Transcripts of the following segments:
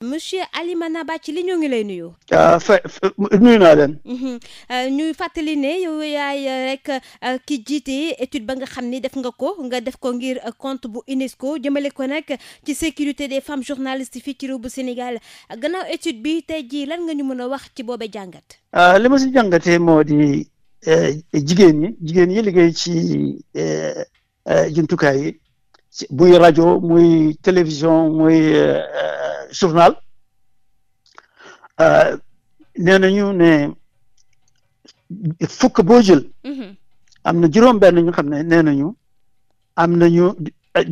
monsieur Alimana li ñoo ngi lay nuyu. Ah, naa leen. Mhm. Euh, ñuy fàttali ne yow yaay euh, rek euh, ki jiite étude ba nga xam ni def nga ko nga def ko ngir compte bu UNESCO jëmale ko nag ci sécurité des femmes journalistes fii ci réew bu Sénégal gannaaw étude bi tey jii lan nga ñu mën a wax ci boobe jàngat. Ah, li ma si jàngatee moo di jigéen ñi jigéen ñi liggéey ci jumtukaay yi buy rajo muy télévision muy. journal euh, nee nañu ne fukk boo jël. Mhm. am na juróom-benn ñu xam ne nee nañu am nañu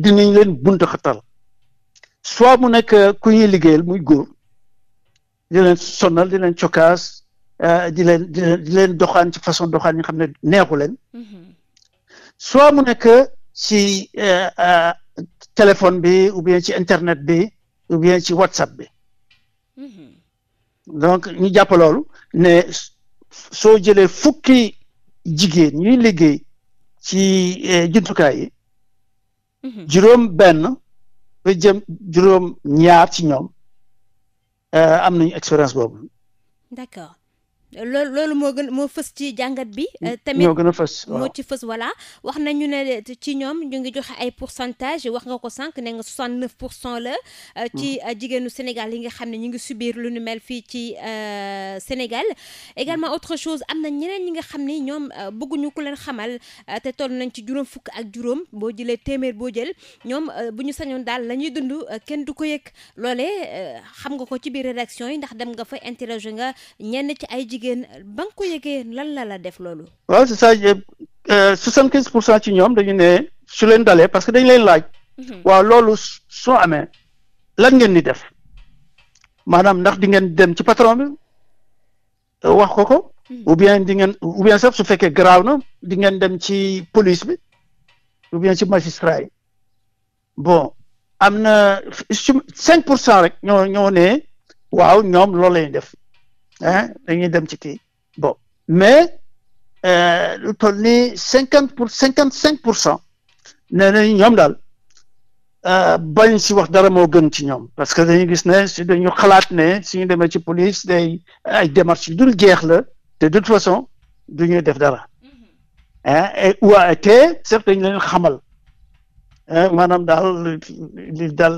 dinañ leen bunt xatal soit mu nekk ku ñuy liggéeyal muy góor di leen sonal di leen cokaas euh, di leen leen doxaan ci façon doxaan ñu xam ne neexu leen. Mhm. soit mu nekk ci euh, téléphone bi ou bien ci internet bi. ou bien ci whatsapp bi mm-hmm. donc ñu jàpp loolu ne soo jëlee fukki jigéen ñuy liggéey ci eh, jumtukaay yi mm-hmm. juróom benn jëm juróom ñaar ci ñoom eh, am nañu expérience boobu d'accord loolu loolu moo gën moo fës ci jàngat bi. Eh, tamit ñoo gën a fës moo ci fës voilà. wax nañu ne ci ñoom ñu ngi joxe ay pourcentage wax nga ko sànq ne nga 69 pour cent la. Eh, hmm. ci eh, jigéenu Sénégal yi nga xam ne ñu ngi subir lu nu mel fii ci Sénégal. également autre chose am na ñeneen ñi nga xam ni ñoom bëgguñu ku leen xamal te toll nañ ci juróom fukk ak juróom boo jëlee téeméer boo jël ñoom bu ñu sañoon daal la ñuy dund kenn du ko yëg loolee xam nga ko ci biir rédaction yi ndax dem nga fa interroger nga ñenn ci ay jigéen ba nga ko yëgee lan la la def loolu. waaw c'est ça euh, soixante quinze pour cent ci ñoom dañu ne su leen dalee parce que dañ leen laaj. Mhm. waaw loolu soo amee lan ngeen di def maanaam ndax di ngeen dem ci patron bi wax ko ko. Mhm. ou bien di ngeen ou bien sax su fekkee garaaw na di ngeen dem ci police bi ou bien ci magistrat yi bon am na cinq pour cent rek ñoo ñoo ne waaw ñoom loolu lañu def. ah dem ci kii bon mais lu toll ni cinquante pour cinquante cinq pour cent nee nañ ñoom daal bañ si wax dara moo gën ci ñoom parce que dañu gis ne si dañu xalaat ne suñu demee ci police day ay démarches yu dul jeex la te de toute façon du ñuy def dara ah et ou te sax dañu leen xamal maanaam daal li dal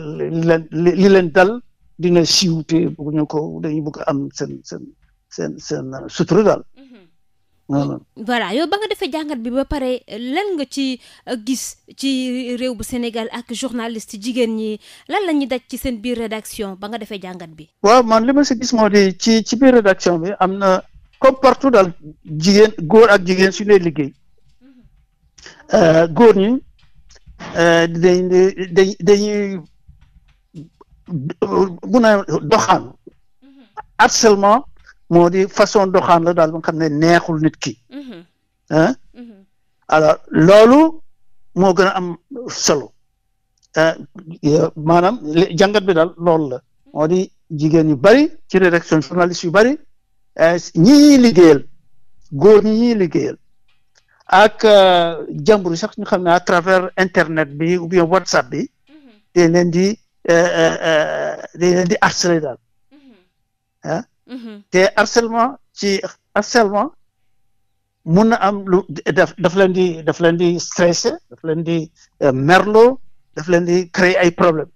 li leen dal dina siiw te bëgg ñu ko dañu bëgg am seen seen seen seen euh, sutura daal. Mhm. voilà yow ba nga defee jàngat bi ba pare lan nga ci euh, gis ci réew bu Sénégal ak journaliste jigéen ñi lan la ñuy daj ci seen biir rédaction ba nga defee jàngat bi. waaw man li ma si gis moo di ci ci biir rédaction bi am na comme partout daal jigéen góor ak jigéen su ñuy liggéey mhm. euh, góor ñi dañ mun a doxaan harcèlement mm-hmm. moo di façon doxaan la daal ba xam ne neexul nit ki ah alors loolu moo gën a am solo euh, maanaam jàngat bi daal loolu la moo di jigéen yu bari ci rédaction journaliste yu bari ñi ñuy liggéeyal góor ñi liggéeyal ak euh, jàmbur sax ñu xam ne à travers internet bi ou bien whatsapp bi te leen dañ eh, leen eh, eh, di harcelé daal mm-hmm. ah mm-hmm. te harcèlement ci harcèlement mun na am lu daf daf leen di daf leen di stressé daf leen di merloo daf leen di créer ay problème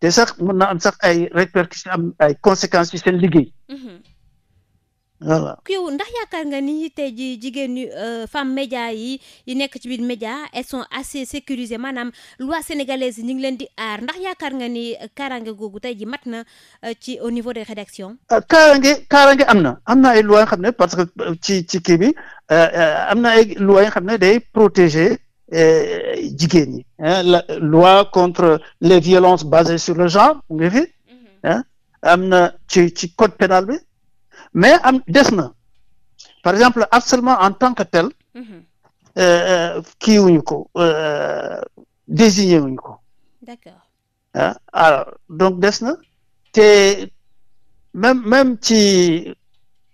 te sax mun na am sax ay répercussions am ay conséquences ci seen liggéey mm-hmm. voilà yow ndax yaakaar nga ni tey ji jigéen ñi euh, femme média yi yi nekk ci biir média elles sont assez sécurisées maanaam loi sénégalaise ñu ngi leen di aar ndax yaakaar nga ni kaaraange googu tey ji mat na euh, ci au niveau des rédactions euh, kaaraange kaaraange am na am na ay xam ne parce que ci ci kii bi am na ay xam ne day protéger jigéen ñi la loi contre les violences basées sur le genre nga mm-hmm. am na ci ci code pénal bi mais am des na par exemple harcèlement en tant que tel mhm. euh, euh, kii wuñu ko euh, désigné wuñu ko d'accord ah, donc des na te même même ci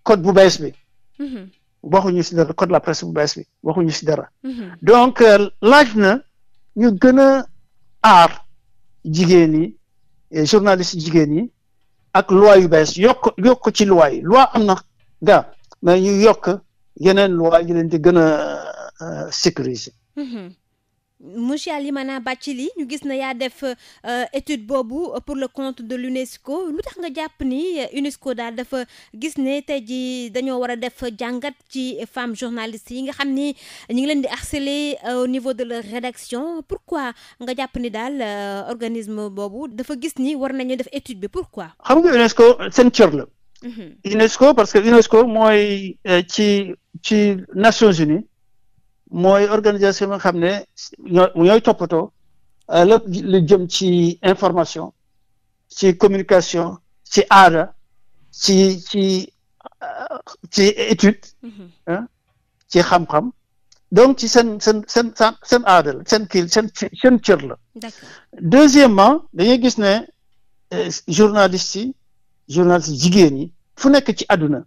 code bu bees bi mhm. waxuñu si dara code la presse bu bees bi waxuñu si dara mhm. donc laaj na ñu gën a aar jigéen yi journaliste jigéen yi ak loi yu bees yokk yokk ci loi yi loi am na daa mais ñu yokk yeneen loi yi di gën a euh, sécuriser mm-hmm. monsieur Alimana Bathily ñu gis na yaa def euh, étude boobu pour le compte de l'UNESCO lu tax nga jàpp ni UNESCO daal dafa gis ne tey ji dañoo war a def jàngat ci femmes journalistes yi nga xam ni ñu ngi leen di harceler euh, au niveau de leur rédaction pourquoi nga jàpp ni daal euh, organisme boobu dafa gis ni war nañu def étude bi pourquoi. xam nga UNESCO seen cër la. Mhm. UNESCO parce que UNESCO mooy ci ci Nations Unies. mooy organisation bi xam ne ñooy toppatoo euh, lépp jëm ci information ci communication ci aada ci ci euh, ci étude mm-hmm. ci xam-xam donc ci seen seen seen seen aada seen kii seen seen cër la deuxièmement dañuy gis ne euh, journalistes yi journalistes jigéen yi fu nekk ci àdduna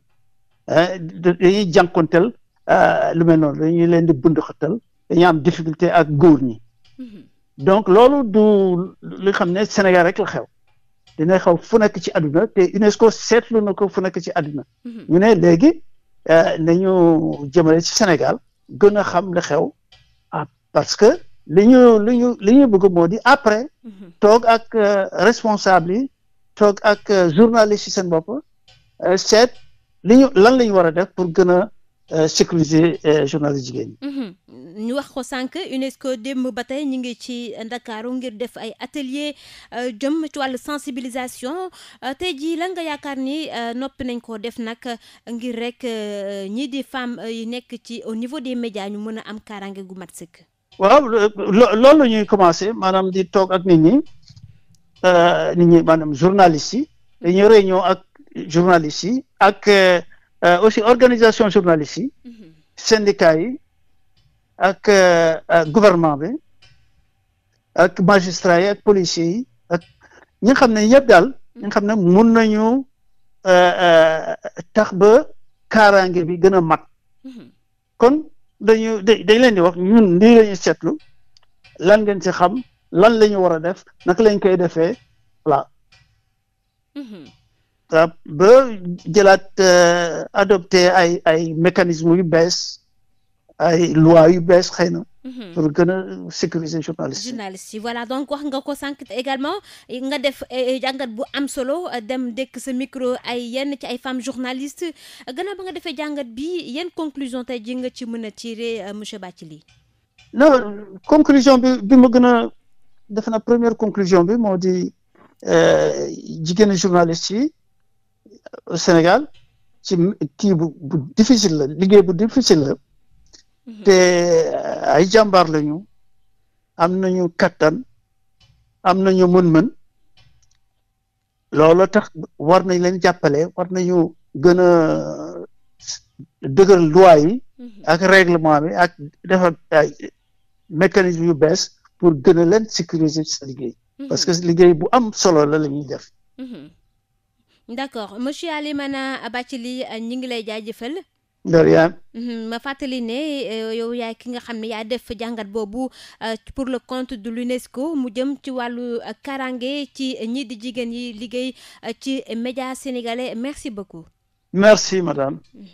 dañuy jànkonteel Euh, lu mel noonu dañuy leen di bund xatal dañuy am difficulté ak góor ñi mhm. donc loolu du lu xam ne Sénégal rek la xew dina xew fu nekk ci àdduna te UNESCO seetlu na ko fu nekk ci àdduna mhm. ñu ne léegi euh, nañu jëmale ci Sénégal gën a xam la xew ah parce que li ñu li ñu li ñu bëgg moo di après mhm. toog ak euh, responsable yi toog ak journaliste yi seen bopp seet li ñu lan la ñu war a def pour gën a Euh, sécuriser euh, journaliste jigéen mhm. ñu wax ko sànq UNESCO démb ba tey ñu ngi ci Ndakaaru ngir def ay atelier euh, jëm ci wàllu sensibilisation tey jii lan nga yaakaar ni noppi nañ ko def nag ngir rek ñii di femmes yi nekk ci au niveau des médias ñu mën a am kaaraange gu mat sëkk. waaw loolu la ñuy commencé maanaam di toog ak nit ñi nit ñi maanaam journalistes yi mhm. dañuy réunion ak journalistes yi ak. Euh, aussi organisation journalistes yi mhm. syndicats yi euh, ak gouvernement bi ak magistrats yi ak policiers yi ak ñi xam ne ñëpp daal ñi nga xam ne mun nañu euh, tax ba kaaraange bi gën a mag mhm. kon dañu dañ leen di wax ñu lii lañu seetlu lan ngeen si xam lan lañu ñu war a def naka lañ koy defee voilà mhm. ba jëlaat euh, adopté ay ay mécanismes yu bees ay loi yu bees xëy na. Mhm. pour gën a sécuriser journaliste journaliste voilà donc wax nga ko sànq également nga def euh, jàngat bu am solo dem dëkk sa micro ay yenn ci ay femmes journalistes gannaaw ba nga defee jàngat bi yenn conclusion tey ji nga ci mën a tirer euh, monsieur Bathily. non conclusion bi bi gën a defe na première conclusion bi moo di jigéenu journaliste yi. Euh, Sénégal ci kii bu bu difficile la liggéey bu difficile la mhm. te euh, ay jàmbaar lañu am nañu kattan am na ñu mën-mën loolu tax war nañ leen jàppale war nañu gën a euh, dëgëral loi yi mhm. ak règlement bi ak defar ay yu bees pour gën a leen sécuriser sa liggéey mhm. parce que liggéey bu am solo la la ñuy def d'accord monsieur Alimana Bathily ñu ngi lay jaajëfal. jëfal mhm, ma fàttali ne eh, yow yaay ki nga xam ne yaa def jàngat boobu eh, pour le compte de l'UNESCO mu jëm ci wàllu eh, karange ci ñi di jigéen yi liggéey ci média sénégalais merci beaucoup. merci madame. Mhm.